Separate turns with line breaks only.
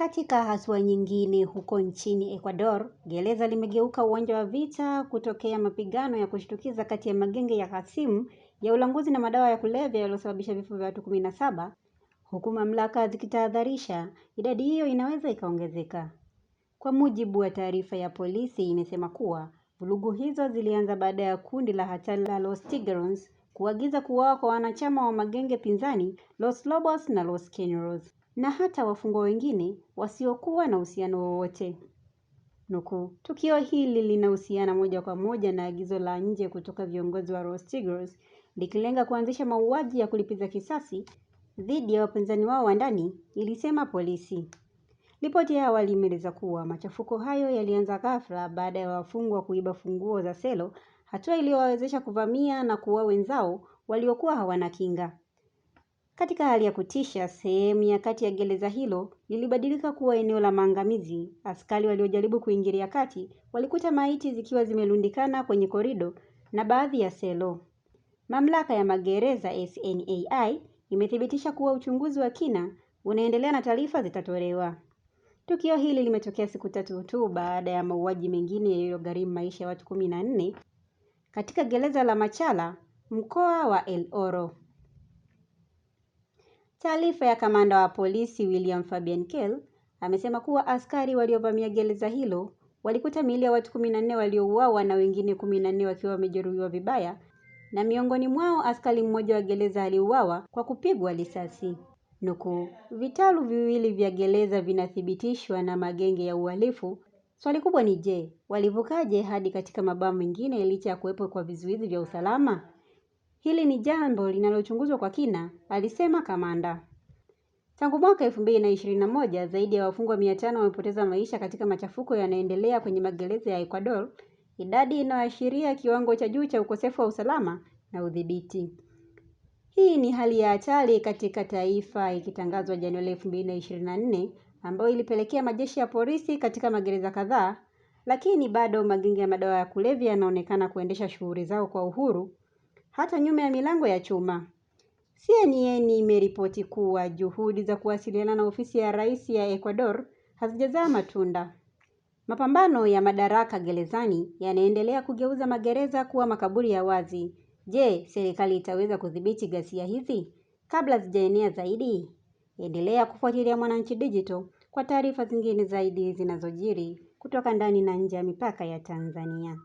Katika hatua nyingine huko nchini Ecuador, gereza limegeuka uwanja wa vita kutokea mapigano ya kushtukiza kati ya magenge ya hasimu ya ulanguzi na madawa ya kulevya yaliyosababisha vifo vya watu kumi na saba, huku mamlaka zikitahadharisha idadi hiyo inaweza ikaongezeka. Kwa mujibu wa taarifa ya polisi, imesema kuwa vurugu hizo zilianza baada ya kundi la hatari la Los Tigres kuagiza kuuawa kwa wanachama wa magenge pinzani Los Lobos na Los Quineros na hata wafungwa wengine wasiokuwa na uhusiano wowote. Nukuu, tukio hili linahusiana moja kwa moja na agizo la nje kutoka viongozi wa Rose tigros likilenga kuanzisha mauaji ya kulipiza kisasi dhidi ya wapinzani wao wa ndani, ilisema polisi. Ripoti ya awali imeeleza kuwa machafuko hayo yalianza ghafla baada ya wafungwa kuiba funguo za selo, hatua iliyowawezesha kuvamia na kuua wenzao waliokuwa hawana kinga. Katika hali ya kutisha, sehemu ya kati ya gereza hilo lilibadilika kuwa eneo la maangamizi. Askari waliojaribu kuingilia kati walikuta maiti zikiwa zimerundikana kwenye korido na baadhi ya selo. Mamlaka ya magereza SNAI imethibitisha kuwa uchunguzi wa kina unaendelea na taarifa zitatolewa. Tukio hili limetokea siku tatu tu baada ya mauaji mengine yaliyogharimu maisha ya watu kumi na nne katika gereza la Machala, mkoa wa El Oro. Taarifa ya kamanda wa polisi William Fabian Kell amesema kuwa askari waliovamia gereza hilo walikuta miili ya watu 14 waliouawa na wengine 14 wakiwa wamejeruhiwa vibaya na miongoni mwao askari mmoja wa gereza aliuawa kwa kupigwa risasi. Nukuu, vitalu viwili vya gereza vinathibitishwa na magenge ya uhalifu. Swali kubwa ni je, walivukaje hadi katika mabaa mengine licha ya kuwepo kwa vizuizi vya usalama? Hili ni jambo linalochunguzwa kwa kina, alisema kamanda. Tangu mwaka 2021, zaidi ya wafungwa 500 wamepoteza maisha katika machafuko yanayoendelea kwenye magereza ya Ecuador, idadi inayoashiria kiwango cha juu cha ukosefu wa usalama na udhibiti. Hii ni hali ya hatari katika taifa ikitangazwa Januari 2024 ambayo ilipelekea majeshi ya polisi katika magereza kadhaa, lakini bado magenge ya madawa ya kulevya yanaonekana kuendesha shughuli zao kwa uhuru hata nyuma ya milango ya chuma. CNN imeripoti kuwa juhudi za kuwasiliana na ofisi ya rais ya Ecuador hazijazaa matunda. Mapambano ya madaraka gerezani yanaendelea kugeuza magereza kuwa makaburi ya wazi. Je, serikali itaweza kudhibiti ghasia hizi kabla zijaenea zaidi? Endelea kufuatilia Mwananchi Digital kwa taarifa zingine zaidi zinazojiri kutoka ndani na nje ya mipaka ya Tanzania.